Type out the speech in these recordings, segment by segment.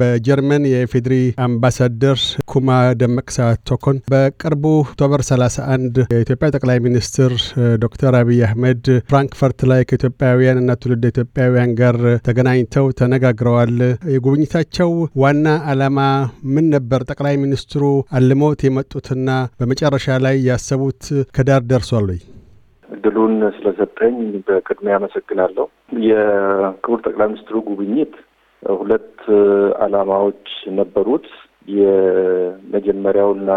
በጀርመን የኢፌዴሪ አምባሳደር ኩማ ደመቅሳ ቶኮን በቅርቡ ኦክቶበር 31 የኢትዮጵያ ጠቅላይ ሚኒስትር ዶክተር አብይ አህመድ ፍራንክፈርት ላይ ከኢትዮጵያውያን እና ትውልድ ኢትዮጵያውያን ጋር ተገናኝተው ተነጋግረዋል። የጉብኝታቸው ዋና ዓላማ ምን ነበር? ጠቅላይ ሚኒስትሩ አልሞት የመጡትና በመጨረሻ ላይ ያሰቡት ከዳር ደርሷል ወይ? እድሉን ስለሰጠኝ በቅድሚያ አመሰግናለሁ። የክቡር ጠቅላይ ሚኒስትሩ ጉብኝት ሁለት ዓላማዎች ነበሩት። የመጀመሪያውና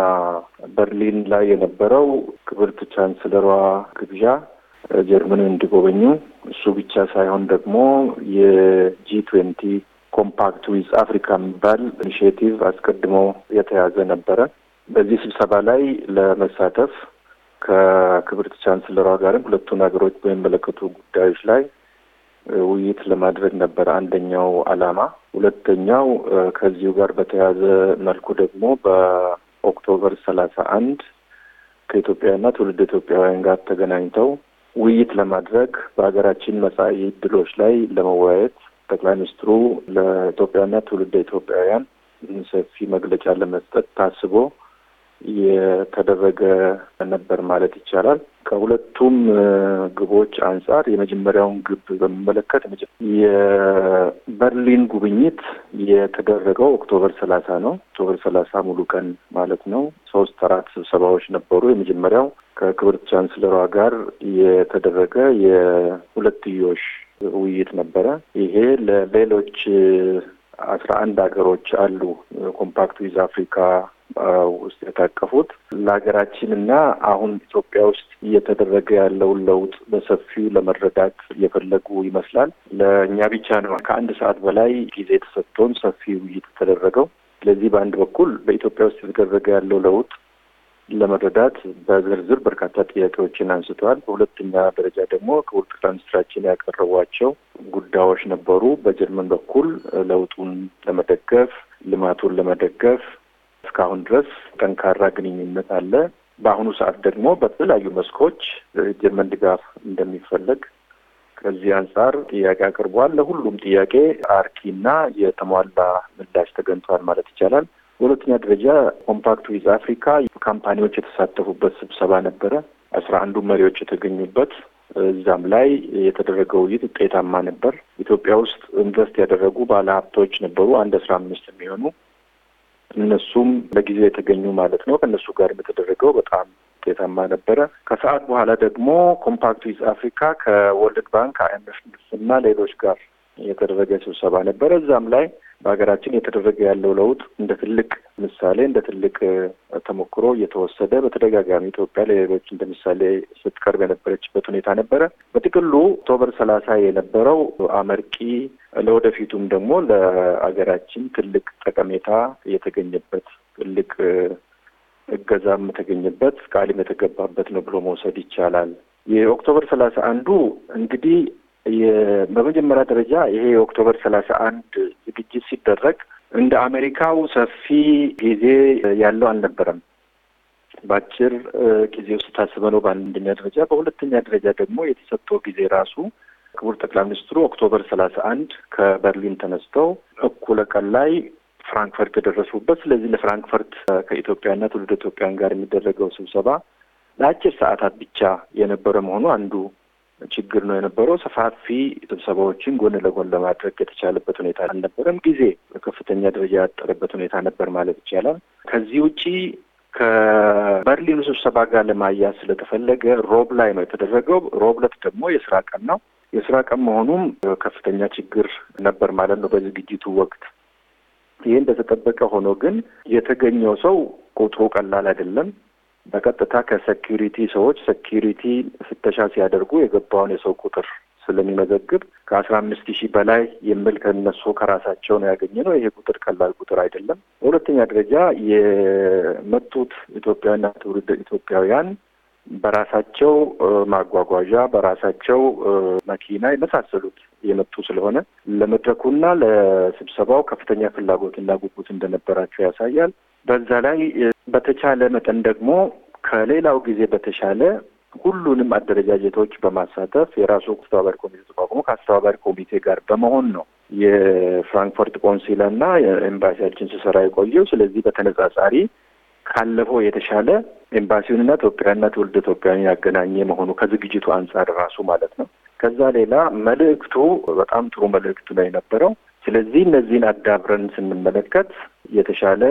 በርሊን ላይ የነበረው ክብርት ቻንስለሯ ግብዣ ጀርመንን እንዲጎበኙ፣ እሱ ብቻ ሳይሆን ደግሞ የጂ ትዌንቲ ኮምፓክት ዊዝ አፍሪካ የሚባል ኢኒሽቲቭ አስቀድሞ የተያዘ ነበረ። በዚህ ስብሰባ ላይ ለመሳተፍ ከክብርት ቻንስለሯ ጋርም ሁለቱን ሀገሮች በሚመለከቱ ጉዳዮች ላይ ውይይት ለማድረግ ነበረ አንደኛው አላማ ሁለተኛው ከዚሁ ጋር በተያያዘ መልኩ ደግሞ በኦክቶበር ሰላሳ አንድ ከኢትዮጵያና ትውልድ ኢትዮጵያውያን ጋር ተገናኝተው ውይይት ለማድረግ በሀገራችን መጻኢ ዕድሎች ላይ ለመወያየት ጠቅላይ ሚኒስትሩ ለኢትዮጵያና ትውልድ ኢትዮጵያውያን ሰፊ መግለጫ ለመስጠት ታስቦ የተደረገ ነበር ማለት ይቻላል። ከሁለቱም ግቦች አንጻር የመጀመሪያውን ግብ በሚመለከት የበርሊን ጉብኝት የተደረገው ኦክቶበር ሰላሳ ነው። ኦክቶበር ሰላሳ ሙሉ ቀን ማለት ነው። ሶስት አራት ስብሰባዎች ነበሩ። የመጀመሪያው ከክብር ቻንስለሯ ጋር የተደረገ የሁለትዮሽ ውይይት ነበረ። ይሄ ለሌሎች አስራ አንድ ሀገሮች አሉ ኮምፓክት ዊዝ አፍሪካ ውስጥ የታቀፉት ለሀገራችን እና አሁን ኢትዮጵያ ውስጥ እየተደረገ ያለውን ለውጥ በሰፊው ለመረዳት የፈለጉ ይመስላል። ለእኛ ብቻ ነው ከአንድ ሰዓት በላይ ጊዜ ተሰጥቶን ሰፊ ውይይት የተደረገው። ስለዚህ በአንድ በኩል በኢትዮጵያ ውስጥ የተደረገ ያለው ለውጥ ለመረዳት በዝርዝር በርካታ ጥያቄዎችን አንስተዋል። በሁለተኛ ደረጃ ደግሞ ክቡር ጠቅላይ ሚኒስትራችን ያቀረቧቸው ጉዳዮች ነበሩ። በጀርመን በኩል ለውጡን ለመደገፍ ልማቱን ለመደገፍ እስካሁን ድረስ ጠንካራ ግንኙነት አለ። በአሁኑ ሰዓት ደግሞ በተለያዩ መስኮች ጀርመን ድጋፍ እንደሚፈለግ ከዚህ አንጻር ጥያቄ አቅርቧል። ለሁሉም ጥያቄ አርኪና የተሟላ ምላሽ ተገኝቷል ማለት ይቻላል። በሁለተኛ ደረጃ ኮምፓክት ዊዝ አፍሪካ ካምፓኒዎች የተሳተፉበት ስብሰባ ነበረ። አስራ አንዱ መሪዎች የተገኙበት እዛም ላይ የተደረገ ውይይት ውጤታማ ነበር። ኢትዮጵያ ውስጥ ኢንቨስት ያደረጉ ባለሀብቶች ነበሩ። አንድ አስራ አምስት የሚሆኑ እነሱም ለጊዜ የተገኙ ማለት ነው። ከእነሱ ጋር የተደረገው በጣም ውጤታማ ነበረ። ከሰዓት በኋላ ደግሞ ኮምፓክት ዊዝ አፍሪካ ከወርልድ ባንክ፣ አይኤምኤፍ እና ሌሎች ጋር የተደረገ ስብሰባ ነበረ። እዛም ላይ በሀገራችን እየተደረገ ያለው ለውጥ እንደ ትልቅ ምሳሌ እንደ ትልቅ ተሞክሮ እየተወሰደ በተደጋጋሚ ኢትዮጵያ ለሌሎች እንደ ምሳሌ ስትቀርብ የነበረችበት ሁኔታ ነበረ። በጥቅሉ ኦክቶበር ሰላሳ የነበረው አመርቂ ለወደፊቱም ደግሞ ለሀገራችን ትልቅ ጠቀሜታ የተገኘበት ትልቅ እገዛም የተገኘበት ቃልም የተገባበት ነው ብሎ መውሰድ ይቻላል። የኦክቶበር ሰላሳ አንዱ እንግዲህ በመጀመሪያ ደረጃ ይሄ የኦክቶበር ሰላሳ አንድ ዝግጅት ሲደረግ እንደ አሜሪካው ሰፊ ጊዜ ያለው አልነበረም። በአጭር ጊዜ ውስጥ ታስበ ነው በአንደኛ ደረጃ። በሁለተኛ ደረጃ ደግሞ የተሰጠው ጊዜ ራሱ ክቡር ጠቅላይ ሚኒስትሩ ኦክቶበር ሰላሳ አንድ ከበርሊን ተነስተው እኩለ ቀን ላይ ፍራንክፈርት የደረሱበት። ስለዚህ ለፍራንክፈርት ከኢትዮጵያና ትውልድ ኢትዮጵያን ጋር የሚደረገው ስብሰባ ለአጭር ሰዓታት ብቻ የነበረ መሆኑ አንዱ ችግር ነው የነበረው። ሰፋፊ ስብሰባዎችን ጎን ለጎን ለማድረግ የተቻለበት ሁኔታ አልነበረም። ጊዜ በከፍተኛ ደረጃ ያጠረበት ሁኔታ ነበር ማለት ይቻላል። ከዚህ ውጪ ከበርሊኑ ስብሰባ ጋር ለማያዝ ስለተፈለገ ሮብ ላይ ነው የተደረገው። ሮብ ዕለት ደግሞ የስራ ቀን ነው። የስራ ቀን መሆኑም ከፍተኛ ችግር ነበር ማለት ነው በዝግጅቱ ወቅት። ይህ እንደተጠበቀ ሆኖ ግን የተገኘው ሰው ቁጥሩ ቀላል አይደለም። በቀጥታ ከሴኪሪቲ ሰዎች ሴኪሪቲ ፍተሻ ሲያደርጉ የገባውን የሰው ቁጥር ስለሚመዘግብ ከአስራ አምስት ሺህ በላይ የሚል ከነሱ ከራሳቸው ነው ያገኘ ነው። ይሄ ቁጥር ቀላል ቁጥር አይደለም። በሁለተኛ ደረጃ የመጡት ኢትዮጵያውያንና ትውልድ ኢትዮጵያውያን በራሳቸው ማጓጓዣ በራሳቸው መኪና የመሳሰሉት የመጡ ስለሆነ ለመድረኩና ለስብሰባው ከፍተኛ ፍላጎትና ጉጉት እንደነበራቸው ያሳያል። በዛ ላይ በተቻለ መጠን ደግሞ ከሌላው ጊዜ በተሻለ ሁሉንም አደረጃጀቶች በማሳተፍ የራሱ አስተባባሪ ኮሚቴ ተቋቁሞ ከአስተባባሪ ኮሚቴ ጋር በመሆን ነው የፍራንክፈርት ቆንሲላ ኤምባሲያችን ስሰራ የቆየው። ስለዚህ በተነጻጻሪ ካለፈው የተሻለ ኤምባሲውንና ኢትዮጵያውያንና ትውልድ ኢትዮጵያውያን ያገናኘ መሆኑ ከዝግጅቱ አንጻር ራሱ ማለት ነው። ከዛ ሌላ መልእክቱ በጣም ጥሩ መልእክቱ ነው የነበረው። ስለዚህ እነዚህን አዳብረን ስንመለከት የተሻለ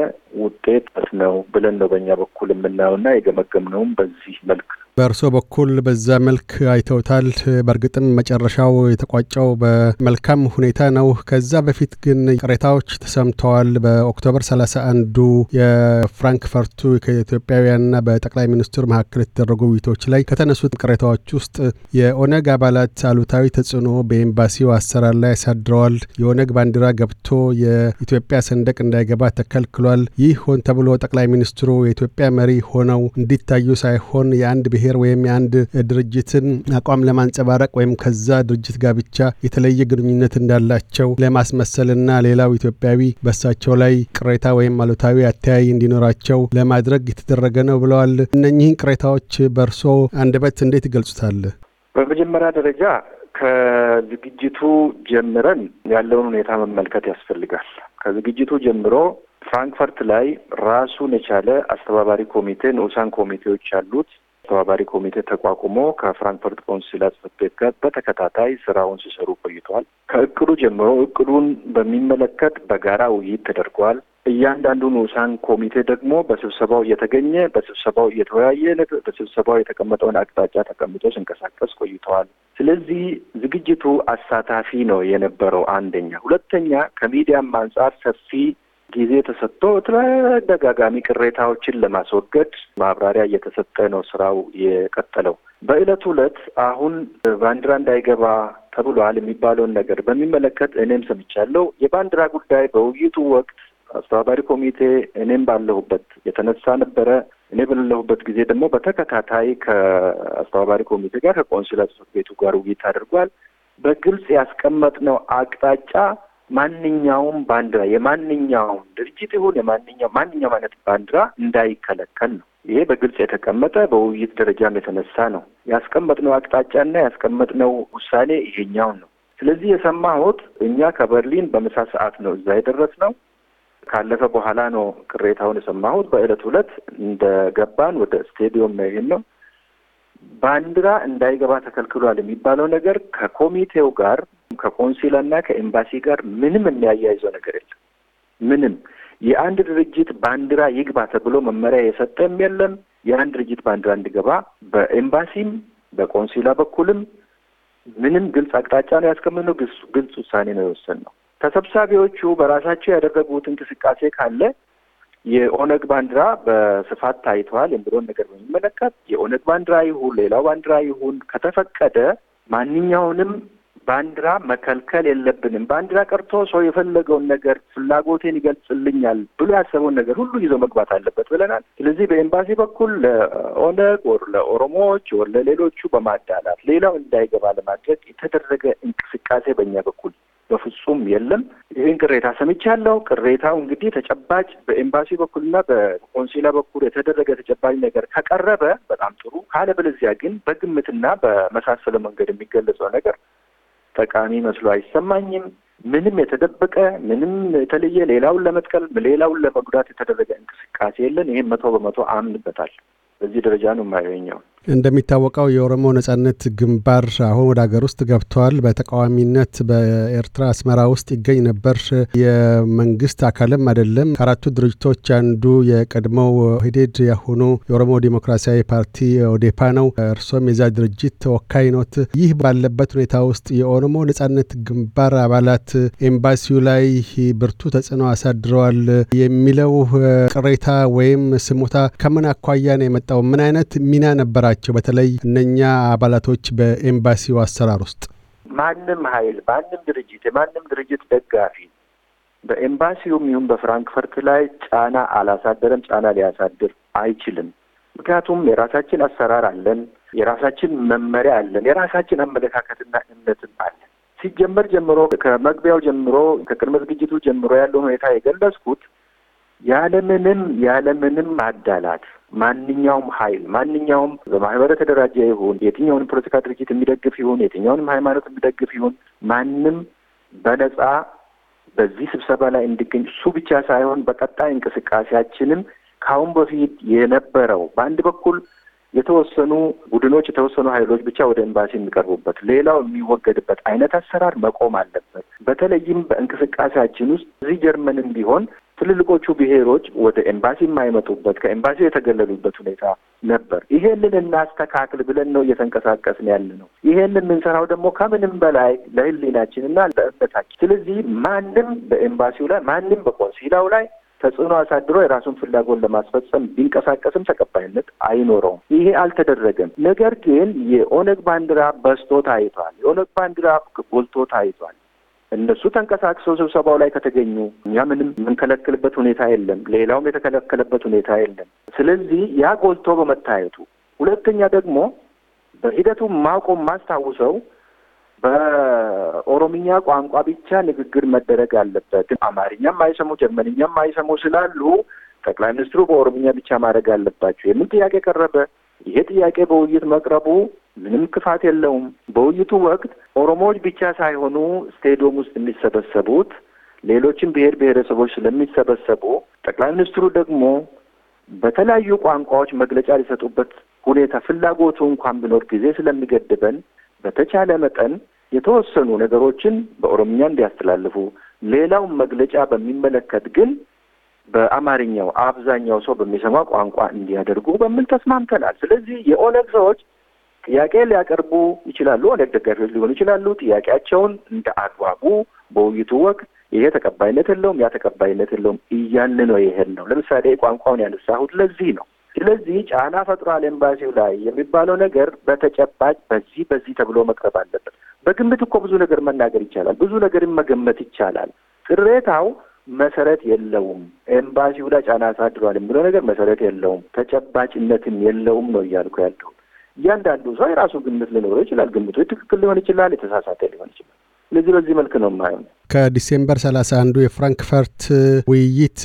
ውጤት ነው ብለን ነው በእኛ በኩል የምናየውና የገመገምነውም በዚህ መልክ በእርሶ በኩል በዛ መልክ አይተውታል። በእርግጥም መጨረሻው የተቋጨው በመልካም ሁኔታ ነው። ከዛ በፊት ግን ቅሬታዎች ተሰምተዋል። በኦክቶበር ሰላሳ አንዱ የፍራንክፈርቱ ከኢትዮጵያውያንና በጠቅላይ ሚኒስትሩ መካከል የተደረጉ ውይይቶች ላይ ከተነሱት ቅሬታዎች ውስጥ የኦነግ አባላት አሉታዊ ተጽዕኖ በኤምባሲው አሰራር ላይ ያሳድረዋል፣ የኦነግ ባንዲራ ገብቶ የኢትዮጵያ ሰንደቅ እንዳይገባ መግባት ተከልክሏል። ይህ ሆን ተብሎ ጠቅላይ ሚኒስትሩ የኢትዮጵያ መሪ ሆነው እንዲታዩ ሳይሆን የአንድ ብሔር ወይም የአንድ ድርጅትን አቋም ለማንጸባረቅ ወይም ከዛ ድርጅት ጋር ብቻ የተለየ ግንኙነት እንዳላቸው ለማስመሰልና ሌላው ኢትዮጵያዊ በሳቸው ላይ ቅሬታ ወይም አሉታዊ አተያይ እንዲኖራቸው ለማድረግ የተደረገ ነው ብለዋል። እነኚህን ቅሬታዎች በእርሶ አንደበት እንዴት ይገልጹታል? በመጀመሪያ ደረጃ ከዝግጅቱ ጀምረን ያለውን ሁኔታ መመልከት ያስፈልጋል። ከዝግጅቱ ጀምሮ ፍራንክፈርት ላይ ራሱን የቻለ አስተባባሪ ኮሚቴ፣ ንዑሳን ኮሚቴዎች ያሉት አስተባባሪ ኮሚቴ ተቋቁሞ ከፍራንክፈርት ቆንስላ ጽሕፈት ቤት ጋር በተከታታይ ስራውን ሲሰሩ ቆይተዋል። ከእቅዱ ጀምሮ እቅዱን በሚመለከት በጋራ ውይይት ተደርጓል። እያንዳንዱ ንዑሳን ኮሚቴ ደግሞ በስብሰባው እየተገኘ በስብሰባው እየተወያየ በስብሰባው የተቀመጠውን አቅጣጫ ተቀምጦ ሲንቀሳቀስ ቆይተዋል። ስለዚህ ዝግጅቱ አሳታፊ ነው የነበረው አንደኛ። ሁለተኛ ከሚዲያም አንጻር ሰፊ ጊዜ ተሰጥቶ ተደጋጋሚ ቅሬታዎችን ለማስወገድ ማብራሪያ እየተሰጠ ነው ስራው የቀጠለው። በዕለት ሁለት አሁን ባንዲራ እንዳይገባ ተብሏል የሚባለውን ነገር በሚመለከት እኔም ሰምቻለሁ። የባንዲራ ጉዳይ በውይይቱ ወቅት አስተባባሪ ኮሚቴ እኔም ባለሁበት የተነሳ ነበረ። እኔ በሌለሁበት ጊዜ ደግሞ በተከታታይ ከአስተባባሪ ኮሚቴ ጋር ከቆንስላ ጽሕፈት ቤቱ ጋር ውይይት አድርጓል። በግልጽ ያስቀመጥነው አቅጣጫ ማንኛውም ባንዲራ የማንኛውም ድርጅት ይሁን የማንኛው ማንኛውም አይነት ባንዲራ እንዳይከለከል ነው። ይሄ በግልጽ የተቀመጠ በውይይት ደረጃም የተነሳ ነው። ያስቀመጥነው አቅጣጫና ያስቀመጥነው ውሳኔ ይሄኛውን ነው። ስለዚህ የሰማሁት እኛ ከበርሊን በምሳ ሰዓት ነው እዛ የደረስነው። ካለፈ በኋላ ነው ቅሬታውን የሰማሁት። በእለት ሁለት ገባን ወደ ስቴዲየም መሄድ ነው ባንዲራ እንዳይገባ ተከልክሏል የሚባለው ነገር ከኮሚቴው ጋር ከቆንሲላ እና ከኤምባሲ ጋር ምንም የሚያያይዘው ነገር የለም። ምንም የአንድ ድርጅት ባንዲራ ይግባ ተብሎ መመሪያ የሰጠም የለም። የአንድ ድርጅት ባንዲራ እንዲገባ በኤምባሲም በቆንሲላ በኩልም ምንም ግልጽ አቅጣጫ ነው ያስቀምነው። ግልጽ ውሳኔ ነው የወሰን ነው ተሰብሳቢዎቹ በራሳቸው ያደረጉት እንቅስቃሴ ካለ የኦነግ ባንዲራ በስፋት ታይተዋል የሚለውን ነገር በሚመለከት የኦነግ ባንዲራ ይሁን ሌላው ባንዲራ ይሁን ከተፈቀደ ማንኛውንም ባንዲራ መከልከል የለብንም። ባንዲራ ቀርቶ ሰው የፈለገውን ነገር ፍላጎቴን ይገልጽልኛል ብሎ ያሰበውን ነገር ሁሉ ይዞ መግባት አለበት ብለናል። ስለዚህ በኤምባሲ በኩል ለኦነግ ወር ለኦሮሞዎች ወር ለሌሎቹ በማዳላት ሌላው እንዳይገባ ለማድረግ የተደረገ እንቅስቃሴ በእኛ በኩል በፍጹም የለም። ይህን ቅሬታ ሰምቻለሁ። ቅሬታው እንግዲህ ተጨባጭ በኤምባሲ በኩልና በቆንሲላ በኩል የተደረገ ተጨባጭ ነገር ከቀረበ በጣም ጥሩ፣ ካለበለዚያ ግን በግምትና በመሳሰለ መንገድ የሚገለጸው ነገር ጠቃሚ መስሎ አይሰማኝም። ምንም የተደበቀ ምንም የተለየ ሌላውን ለመጥቀል ሌላውን ለመጉዳት የተደረገ እንቅስቃሴ የለን። ይህም መቶ በመቶ አምንበታል። በዚህ ደረጃ ነው የማየኛው። እንደሚታወቀው የኦሮሞ ነጻነት ግንባር አሁን ወደ ሀገር ውስጥ ገብተዋል። በተቃዋሚነት በኤርትራ አስመራ ውስጥ ይገኝ ነበር። የመንግስት አካልም አይደለም። ከአራቱ ድርጅቶች አንዱ የቀድሞው ሂዴድ ያሁኑ የኦሮሞ ዲሞክራሲያዊ ፓርቲ ኦዴፓ ነው። እርሶም የዛ ድርጅት ተወካይ ኖት። ይህ ባለበት ሁኔታ ውስጥ የኦሮሞ ነጻነት ግንባር አባላት ኤምባሲው ላይ ብርቱ ተጽዕኖ አሳድረዋል የሚለው ቅሬታ ወይም ስሙታ ከምን አኳያ ነው የመጣው? ምን አይነት ሚና ነበራቸው? ናቸው? በተለይ እነኛ አባላቶች በኤምባሲው አሰራር ውስጥ ማንም ኃይል ማንም ድርጅት የማንም ድርጅት ደጋፊ በኤምባሲውም ይሁን በፍራንክፈርት ላይ ጫና አላሳደረም፣ ጫና ሊያሳድር አይችልም። ምክንያቱም የራሳችን አሰራር አለን፣ የራሳችን መመሪያ አለን፣ የራሳችን አመለካከትና እምነትም አለን። ሲጀመር ጀምሮ ከመግቢያው ጀምሮ ከቅድመ ዝግጅቱ ጀምሮ ያለውን ሁኔታ የገለጽኩት ያለምንም ያለምንም ማዳላት ማንኛውም ኃይል ማንኛውም በማህበረ ተደራጀ ይሁን የትኛውንም ፖለቲካ ድርጅት የሚደግፍ ይሁን የትኛውንም ሃይማኖት የሚደግፍ ይሁን ማንም በነጻ በዚህ ስብሰባ ላይ እንዲገኝ እሱ ብቻ ሳይሆን በቀጣይ እንቅስቃሴያችንም ከአሁን በፊት የነበረው በአንድ በኩል የተወሰኑ ቡድኖች የተወሰኑ ኃይሎች ብቻ ወደ ኤምባሲ የሚቀርቡበት ሌላው የሚወገድበት አይነት አሰራር መቆም አለበት። በተለይም በእንቅስቃሴያችን ውስጥ እዚህ ጀርመንም ቢሆን ትልልቆቹ ብሔሮች ወደ ኤምባሲ የማይመጡበት ከኤምባሲ የተገለሉበት ሁኔታ ነበር። ይሄንን እናስተካክል ብለን ነው እየተንቀሳቀስን ያለ ነው። ይሄንን የምንሰራው ደግሞ ከምንም በላይ ለሕሊናችንና ለእበታችን። ስለዚህ ማንም በኤምባሲው ላይ ማንም በቆንሲላው ላይ ተጽዕኖ አሳድሮ የራሱን ፍላጎት ለማስፈጸም ቢንቀሳቀስም ተቀባይነት አይኖረውም። ይሄ አልተደረገም። ነገር ግን የኦነግ ባንዲራ በስቶ ታይቷል። የኦነግ ባንዲራ ጎልቶ ታይቷል። እነሱ ተንቀሳቅሰው ስብሰባው ላይ ከተገኙ እኛ ምንም የምንከለክልበት ሁኔታ የለም። ሌላውም የተከለከለበት ሁኔታ የለም። ስለዚህ ያ ጎልቶ በመታየቱ፣ ሁለተኛ ደግሞ በሂደቱ ማቆም ማስታውሰው በኦሮምኛ ቋንቋ ብቻ ንግግር መደረግ አለበት። አማርኛም አይሰሙ ጀርመንኛ አይሰሙ ስላሉ ጠቅላይ ሚኒስትሩ በኦሮምኛ ብቻ ማድረግ አለባቸው የምን ጥያቄ ቀረበ። ይሄ ጥያቄ በውይይት መቅረቡ ምንም ክፋት የለውም። በውይይቱ ወቅት ኦሮሞዎች ብቻ ሳይሆኑ ስቴዲየም ውስጥ የሚሰበሰቡት ሌሎችም ብሔር ብሔረሰቦች ስለሚሰበሰቡ ጠቅላይ ሚኒስትሩ ደግሞ በተለያዩ ቋንቋዎች መግለጫ ሊሰጡበት ሁኔታ ፍላጎቱ እንኳን ቢኖር ጊዜ ስለሚገድበን በተቻለ መጠን የተወሰኑ ነገሮችን በኦሮምኛ እንዲያስተላልፉ ሌላውን መግለጫ በሚመለከት ግን በአማርኛው አብዛኛው ሰው በሚሰማ ቋንቋ እንዲያደርጉ በሚል ተስማምተናል። ስለዚህ የኦነግ ሰዎች ጥያቄ ሊያቀርቡ ይችላሉ። ኦነግ ደጋፊዎች ሊሆኑ ይችላሉ። ጥያቄያቸውን እንደ አግባቡ በውይይቱ ወቅት ይሄ ተቀባይነት የለውም፣ ያ ተቀባይነት የለውም እያልን ነው ይሄን ነው። ለምሳሌ ቋንቋውን ያነሳሁት ለዚህ ነው። ስለዚህ ጫና ፈጥሯል ኤምባሲው ላይ የሚባለው ነገር በተጨባጭ በዚህ በዚህ ተብሎ መቅረብ አለበት። በግምት እኮ ብዙ ነገር መናገር ይቻላል፣ ብዙ ነገርን መገመት ይቻላል። ቅሬታው መሰረት የለውም። ኤምባሲው ላይ ጫና አሳድሯል የሚለው ነገር መሰረት የለውም፣ ተጨባጭነትም የለውም ነው እያልኩ ያለው። እያንዳንዱ ሰው የራሱ ግምት ሊኖረው ይችላል። ግምቶች ትክክል ሊሆን ይችላል፣ የተሳሳተ ሊሆን ይችላል። ስለዚህ በዚህ መልክ ነው የማየው። ከዲሴምበር 31 የፍራንክፈርት ውይይት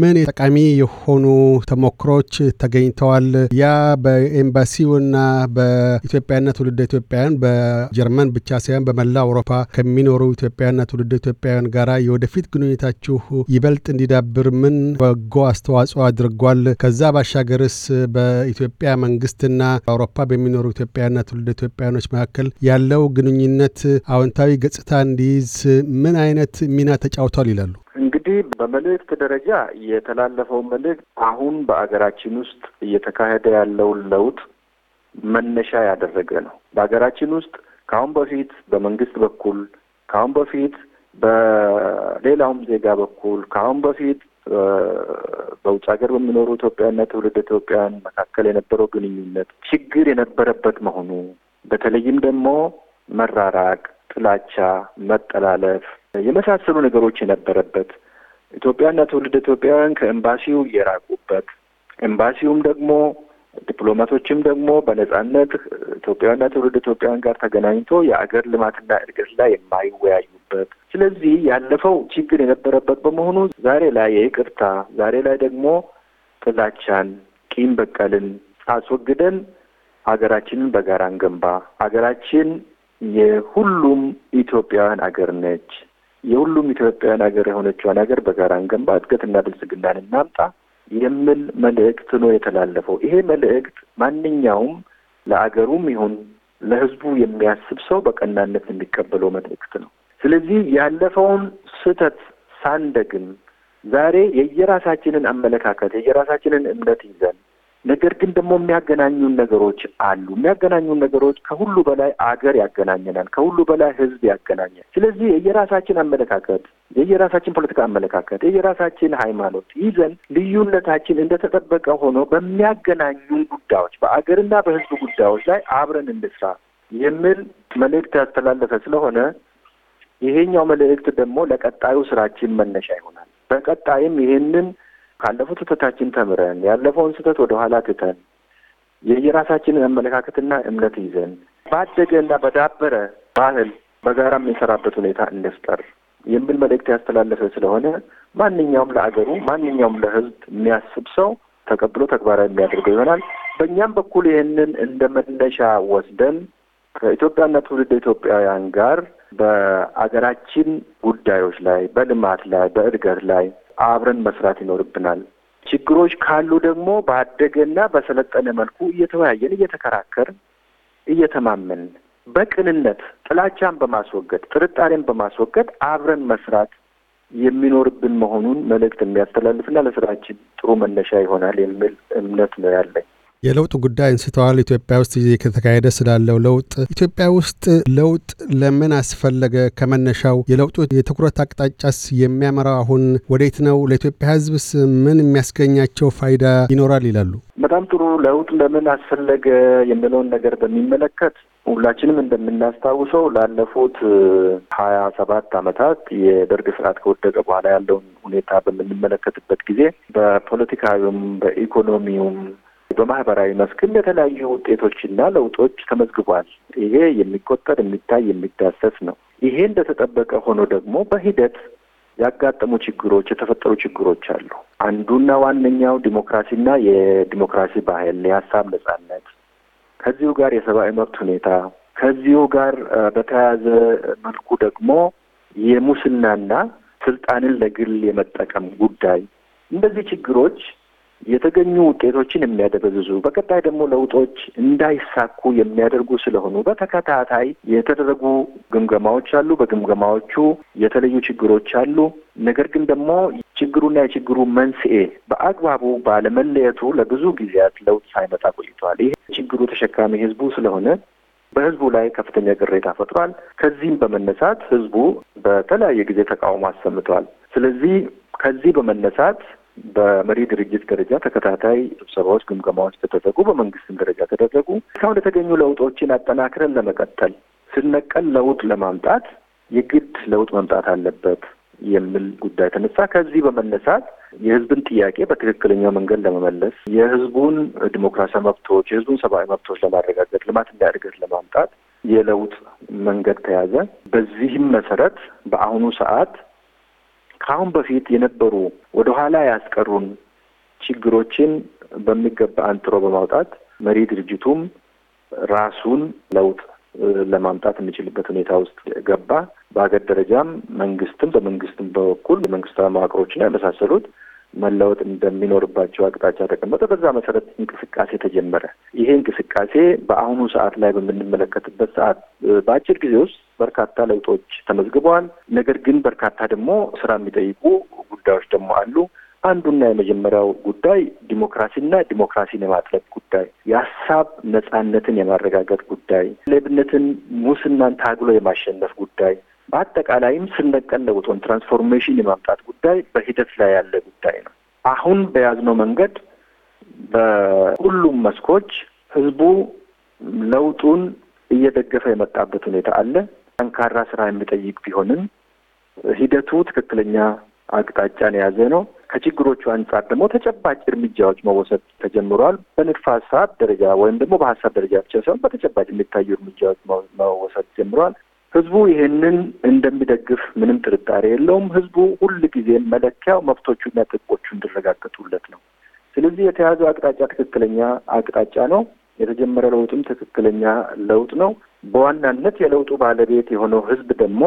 ምን ጠቃሚ የሆኑ ተሞክሮች ተገኝተዋል? ያ በኤምባሲውና በኢትዮጵያና ትውልደ ኢትዮጵያውያን በጀርመን ብቻ ሳይሆን በመላ አውሮፓ ከሚኖሩ ኢትዮጵያና ትውልደ ኢትዮጵያውያን ጋራ የወደፊት ግንኙነታችሁ ይበልጥ እንዲዳብር ምን በጎ አስተዋጽኦ አድርጓል? ከዛ ባሻገርስ በኢትዮጵያ መንግስትና በአውሮፓ በሚኖሩ ኢትዮጵያና ትውልደ ኢትዮጵያውያኖች መካከል ያለው ግንኙነት አዎንታዊ ገጽታ እንዲይዝ ምን ምን አይነት ሚና ተጫውቷል ይላሉ? እንግዲህ በመልእክት ደረጃ የተላለፈው መልእክት አሁን በአገራችን ውስጥ እየተካሄደ ያለውን ለውጥ መነሻ ያደረገ ነው። በሀገራችን ውስጥ ከአሁን በፊት በመንግስት በኩል ከአሁን በፊት በሌላውም ዜጋ በኩል ከአሁን በፊት በውጭ ሀገር በሚኖሩ ኢትዮጵያና ትውልድ ኢትዮጵያን መካከል የነበረው ግንኙነት ችግር የነበረበት መሆኑ በተለይም ደግሞ መራራቅ፣ ጥላቻ፣ መጠላለፍ የመሳሰሉ ነገሮች የነበረበት ኢትዮጵያና ትውልድ ኢትዮጵያውያን ከኤምባሲው የራቁበት ኤምባሲውም ደግሞ ዲፕሎማቶችም ደግሞ በነጻነት ኢትዮጵያና ትውልድ ኢትዮጵያውያን ጋር ተገናኝቶ የአገር ልማትና እድገት ላይ የማይወያዩበት ስለዚህ ያለፈው ችግር የነበረበት በመሆኑ ዛሬ ላይ የይቅርታ ዛሬ ላይ ደግሞ ጥላቻን፣ ቂም በቀልን አስወግደን ሀገራችንን በጋራ እንገንባ። ሀገራችን የሁሉም ኢትዮጵያውያን አገር ነች። የሁሉም ኢትዮጵያውያን ሀገር የሆነችዋን ሀገር በጋራ እንገንባ፣ እድገትና ብልጽግናን እናምጣ የሚል መልእክት ነው የተላለፈው። ይሄ መልእክት ማንኛውም ለአገሩም ይሁን ለህዝቡ የሚያስብ ሰው በቀናነት የሚቀበለው መልእክት ነው። ስለዚህ ያለፈውን ስህተት ሳንደግም ዛሬ የየራሳችንን አመለካከት የየራሳችንን እምነት ይዘን ነገር ግን ደግሞ የሚያገናኙን ነገሮች አሉ። የሚያገናኙን ነገሮች ከሁሉ በላይ አገር ያገናኘናል፣ ከሁሉ በላይ ህዝብ ያገናኛል። ስለዚህ የየራሳችን አመለካከት፣ የየራሳችን ፖለቲካ አመለካከት፣ የየራሳችን ሃይማኖት ይዘን ልዩነታችን እንደተጠበቀ ሆኖ በሚያገናኙን ጉዳዮች በአገርና በህዝብ ጉዳዮች ላይ አብረን እንስራ የሚል መልእክት ያስተላለፈ ስለሆነ ይሄኛው መልእክት ደግሞ ለቀጣዩ ስራችን መነሻ ይሆናል። በቀጣይም ይሄንን ካለፉት ስህተታችን ተምረን ያለፈውን ስህተት ወደ ኋላ ትተን የየራሳችንን አመለካከትና እምነት ይዘን ባደገ እና በዳበረ ባህል በጋራ የምንሰራበት ሁኔታ እንደፍጠር የሚል መልእክት ያስተላለፈ ስለሆነ ማንኛውም ለአገሩ ማንኛውም ለህዝብ የሚያስብ ሰው ተቀብሎ ተግባራዊ የሚያደርገው ይሆናል። በእኛም በኩል ይህንን እንደ መነሻ ወስደን ከኢትዮጵያና ትውልድ ኢትዮጵያውያን ጋር በአገራችን ጉዳዮች ላይ፣ በልማት ላይ፣ በእድገት ላይ አብረን መስራት ይኖርብናል። ችግሮች ካሉ ደግሞ ባደገና በሰለጠነ መልኩ እየተወያየን እየተከራከርን እየተማመን በቅንነት ጥላቻን በማስወገድ ጥርጣሬን በማስወገድ አብረን መስራት የሚኖርብን መሆኑን መልእክት የሚያስተላልፍና ለስራችን ጥሩ መነሻ ይሆናል የሚል እምነት ነው ያለኝ። የለውጥ ጉዳይ አንስተዋል። ኢትዮጵያ ውስጥ እየተካሄደ ስላለው ለውጥ ኢትዮጵያ ውስጥ ለውጥ ለምን አስፈለገ? ከመነሻው የለውጡ የትኩረት አቅጣጫስ የሚያመራው አሁን ወዴት ነው? ለኢትዮጵያ ሕዝብስ ምን የሚያስገኛቸው ፋይዳ ይኖራል ይላሉ? በጣም ጥሩ። ለውጥ ለምን አስፈለገ የምለውን ነገር በሚመለከት ሁላችንም እንደምናስታውሰው ላለፉት ሀያ ሰባት ዓመታት የደርግ ስርዓት ከወደቀ በኋላ ያለውን ሁኔታ በምንመለከትበት ጊዜ በፖለቲካዊውም በኢኮኖሚውም በማህበራዊ መስክም የተለያዩ ውጤቶችና ለውጦች ተመዝግቧል። ይሄ የሚቆጠር የሚታይ የሚዳሰስ ነው። ይሄ እንደተጠበቀ ሆኖ ደግሞ በሂደት ያጋጠሙ ችግሮች የተፈጠሩ ችግሮች አሉ። አንዱና ዋነኛው ዲሞክራሲና የዲሞክራሲ ባህል፣ የሀሳብ ነጻነት፣ ከዚሁ ጋር የሰብአዊ መብት ሁኔታ፣ ከዚሁ ጋር በተያያዘ መልኩ ደግሞ የሙስናና ስልጣንን ለግል የመጠቀም ጉዳይ፣ እነዚህ ችግሮች የተገኙ ውጤቶችን የሚያደበዝዙ በቀጣይ ደግሞ ለውጦች እንዳይሳኩ የሚያደርጉ ስለሆኑ በተከታታይ የተደረጉ ግምገማዎች አሉ። በግምገማዎቹ የተለዩ ችግሮች አሉ። ነገር ግን ደግሞ ችግሩና የችግሩ መንስኤ በአግባቡ ባለመለየቱ ለብዙ ጊዜያት ለውጥ ሳይመጣ ቆይተዋል። ይህ ችግሩ ተሸካሚ ህዝቡ ስለሆነ በህዝቡ ላይ ከፍተኛ ቅሬታ ፈጥሯል። ከዚህም በመነሳት ህዝቡ በተለያየ ጊዜ ተቃውሞ አሰምተዋል። ስለዚህ ከዚህ በመነሳት በመሪ ድርጅት ደረጃ ተከታታይ ስብሰባዎች፣ ግምገማዎች ተደረጉ። በመንግስትም ደረጃ ተደረጉ። እስካሁን የተገኙ ለውጦችን አጠናክረን ለመቀጠል ስነቀል ለውጥ ለማምጣት የግድ ለውጥ መምጣት አለበት የሚል ጉዳይ ተነሳ። ከዚህ በመነሳት የህዝብን ጥያቄ በትክክለኛው መንገድ ለመመለስ የህዝቡን ዲሞክራሲያዊ መብቶች፣ የህዝቡን ሰብአዊ መብቶች ለማረጋገጥ ልማት እንዳያድገት ለማምጣት የለውጥ መንገድ ተያዘ። በዚህም መሰረት በአሁኑ ሰዓት ከአሁን በፊት የነበሩ ወደኋላ ያስቀሩን ችግሮችን በሚገባ አንጥሮ በማውጣት መሪ ድርጅቱም ራሱን ለውጥ ለማምጣት የሚችልበት ሁኔታ ውስጥ ገባ። በሀገር ደረጃም መንግስትም በመንግስትም በኩል የመንግስታዊ መዋቅሮችና የመሳሰሉት መለወጥ እንደሚኖርባቸው አቅጣጫ ተቀመጠ። በዛ መሰረት እንቅስቃሴ ተጀመረ። ይሄ እንቅስቃሴ በአሁኑ ሰዓት ላይ በምንመለከትበት ሰዓት በአጭር ጊዜ ውስጥ በርካታ ለውጦች ተመዝግበዋል። ነገር ግን በርካታ ደግሞ ስራ የሚጠይቁ ጉዳዮች ደግሞ አሉ። አንዱና የመጀመሪያው ጉዳይ ዲሞክራሲና ዲሞክራሲን የማጥለቅ ጉዳይ፣ የሀሳብ ነጻነትን የማረጋገጥ ጉዳይ፣ ሌብነትን፣ ሙስናን ታግሎ የማሸነፍ ጉዳይ በአጠቃላይም ስርነቀል ለውጦን ትራንስፎርሜሽን የማምጣት ጉዳይ በሂደት ላይ ያለ ጉዳይ ነው። አሁን በያዝነው መንገድ በሁሉም መስኮች ህዝቡ ለውጡን እየደገፈ የመጣበት ሁኔታ አለ። ጠንካራ ስራ የሚጠይቅ ቢሆንም ሂደቱ ትክክለኛ አቅጣጫን የያዘ ነው። ከችግሮቹ አንጻር ደግሞ ተጨባጭ እርምጃዎች መወሰድ ተጀምሯል በንድፈ ሀሳብ ደረጃ ወይም ደግሞ በሀሳብ ደረጃ ብቻ ሳይሆን በተጨባጭ የሚታዩ እርምጃዎች መወሰድ ጀምሯል። ህዝቡ ይህንን እንደሚደግፍ ምንም ጥርጣሬ የለውም። ህዝቡ ሁል ጊዜ መለኪያው መብቶቹና ጥቆቹ እንዲረጋገጡለት ነው። ስለዚህ የተያዘው አቅጣጫ ትክክለኛ አቅጣጫ ነው። የተጀመረ ለውጥም ትክክለኛ ለውጥ ነው። በዋናነት የለውጡ ባለቤት የሆነው ህዝብ ደግሞ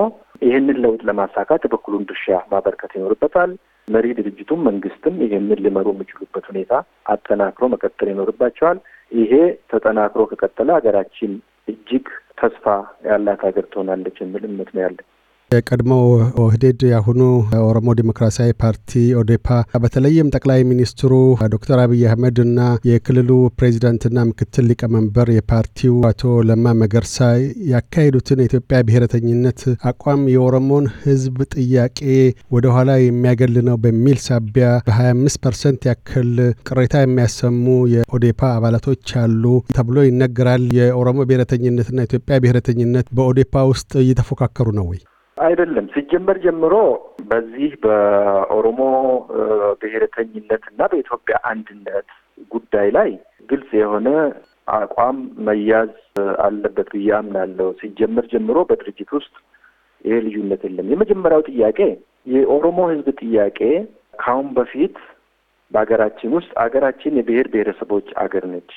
ይህንን ለውጥ ለማሳካት የበኩሉን ድርሻ ማበርከት ይኖርበታል። መሪ ድርጅቱም መንግስትም ይህንን ሊመሩ የሚችሉበት ሁኔታ አጠናክሮ መቀጠል ይኖርባቸዋል። ይሄ ተጠናክሮ ከቀጠለ ሀገራችን እጅግ ተስፋ ያላት ሀገር ትሆናለች የሚል እምነት ነው ያለን። የቀድሞ ኦህዴድ የአሁኑ ኦሮሞ ዴሞክራሲያዊ ፓርቲ ኦዴፓ በተለይም ጠቅላይ ሚኒስትሩ ዶክተር አብይ አህመድ እና የክልሉ ፕሬዚዳንትና ምክትል ሊቀመንበር የፓርቲው አቶ ለማ መገርሳ ያካሄዱትን የኢትዮጵያ ብሔረተኝነት አቋም የኦሮሞን ህዝብ ጥያቄ ወደኋላ የሚያገል ነው በሚል ሳቢያ በ25 ፐርሰንት ያክል ቅሬታ የሚያሰሙ የኦዴፓ አባላቶች አሉ ተብሎ ይነገራል። የኦሮሞ ብሔረተኝነትና ኢትዮጵያ ብሔረተኝነት በኦዴፓ ውስጥ እየተፎካከሩ ነው ወይ? አይደለም። ሲጀመር ጀምሮ በዚህ በኦሮሞ ብሔረተኝነት እና በኢትዮጵያ አንድነት ጉዳይ ላይ ግልጽ የሆነ አቋም መያዝ አለበት ብዬ አምናለሁ። ሲጀመር ጀምሮ በድርጅት ውስጥ ይሄ ልዩነት የለም። የመጀመሪያው ጥያቄ የኦሮሞ ሕዝብ ጥያቄ ከአሁን በፊት በሀገራችን ውስጥ አገራችን የብሔር ብሔረሰቦች አገር ነች።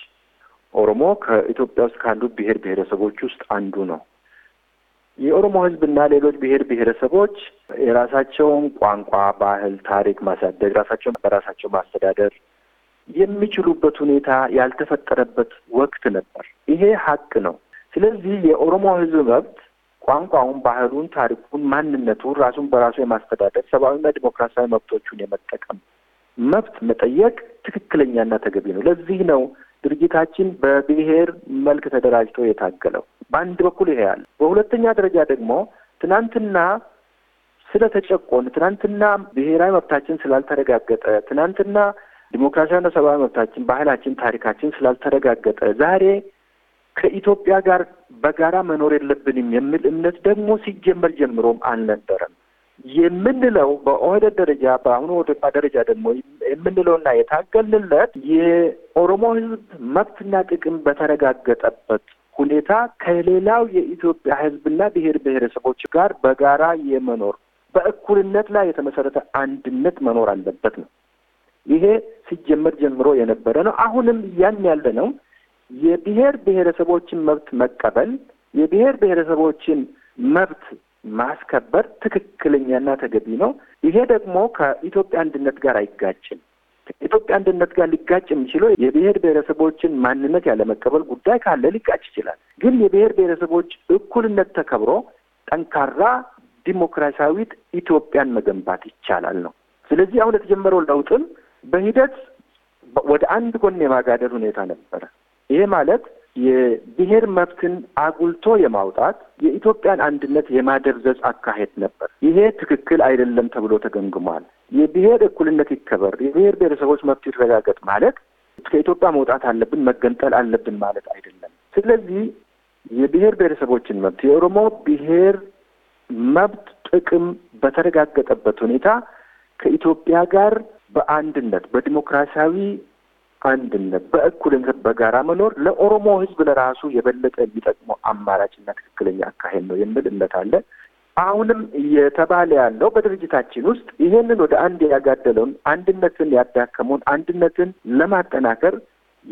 ኦሮሞ ከኢትዮጵያ ውስጥ ካሉ ብሔር ብሔረሰቦች ውስጥ አንዱ ነው። የኦሮሞ ሕዝብና ሌሎች ብሔር ብሔረሰቦች የራሳቸውን ቋንቋ፣ ባህል፣ ታሪክ ማሳደግ ራሳቸውን በራሳቸው ማስተዳደር የሚችሉበት ሁኔታ ያልተፈጠረበት ወቅት ነበር። ይሄ ሀቅ ነው። ስለዚህ የኦሮሞ ህዝብ መብት ቋንቋውን፣ ባህሉን፣ ታሪኩን፣ ማንነቱን ራሱን በራሱ የማስተዳደር ሰብአዊና ዲሞክራሲያዊ መብቶቹን የመጠቀም መብት መጠየቅ ትክክለኛና ተገቢ ነው። ለዚህ ነው ድርጅታችን በብሔር መልክ ተደራጅቶ የታገለው በአንድ በኩል ይሄ ያለ፣ በሁለተኛ ደረጃ ደግሞ ትናንትና ስለተጨቆን፣ ትናንትና ብሔራዊ መብታችን ስላልተረጋገጠ፣ ትናንትና ዲሞክራሲያዊና ሰብአዊ መብታችን፣ ባህላችን፣ ታሪካችን ስላልተረጋገጠ ዛሬ ከኢትዮጵያ ጋር በጋራ መኖር የለብንም የሚል እምነት ደግሞ ሲጀመር ጀምሮም አልነበረም። የምንለው በኦህደድ ደረጃ በአሁኑ ወደባ ደረጃ ደግሞ የምንለውና የታገልንለት የኦሮሞ ህዝብ መብትና ጥቅም በተረጋገጠበት ሁኔታ ከሌላው የኢትዮጵያ ህዝብና ብሔር ብሔረሰቦች ጋር በጋራ የመኖር በእኩልነት ላይ የተመሰረተ አንድነት መኖር አለበት ነው። ይሄ ሲጀመር ጀምሮ የነበረ ነው። አሁንም ያን ያለ ነው። የብሔር ብሔረሰቦችን መብት መቀበል የብሔር ብሔረሰቦችን መብት ማስከበር ትክክለኛና ተገቢ ነው። ይሄ ደግሞ ከኢትዮጵያ አንድነት ጋር አይጋጭም። ኢትዮጵያ አንድነት ጋር ሊጋጭ የሚችለው የብሔር ብሔረሰቦችን ማንነት ያለመቀበል ጉዳይ ካለ ሊጋጭ ይችላል። ግን የብሔር ብሔረሰቦች እኩልነት ተከብሮ ጠንካራ ዲሞክራሲያዊት ኢትዮጵያን መገንባት ይቻላል ነው። ስለዚህ አሁን የተጀመረው ለውጥም በሂደት ወደ አንድ ጎን የማጋደል ሁኔታ ነበረ። ይሄ ማለት የብሔር መብትን አጉልቶ የማውጣት የኢትዮጵያን አንድነት የማደብዘዝ አካሄድ ነበር። ይሄ ትክክል አይደለም ተብሎ ተገምግሟል። የብሔር እኩልነት ይከበር፣ የብሔር ብሔረሰቦች መብት ይረጋገጥ ማለት ከኢትዮጵያ መውጣት አለብን መገንጠል አለብን ማለት አይደለም። ስለዚህ የብሔር ብሔረሰቦችን መብት የኦሮሞ ብሔር መብት ጥቅም በተረጋገጠበት ሁኔታ ከኢትዮጵያ ጋር በአንድነት በዲሞክራሲያዊ አንድነት፣ በእኩልነት በጋራ መኖር ለኦሮሞ ህዝብ ለራሱ የበለጠ የሚጠቅመው አማራጭና ትክክለኛ አካሄድ ነው የሚል እምነት አለ። አሁንም እየተባለ ያለው በድርጅታችን ውስጥ ይሄንን ወደ አንድ ያጋደለውን አንድነትን ያዳከመውን አንድነትን ለማጠናከር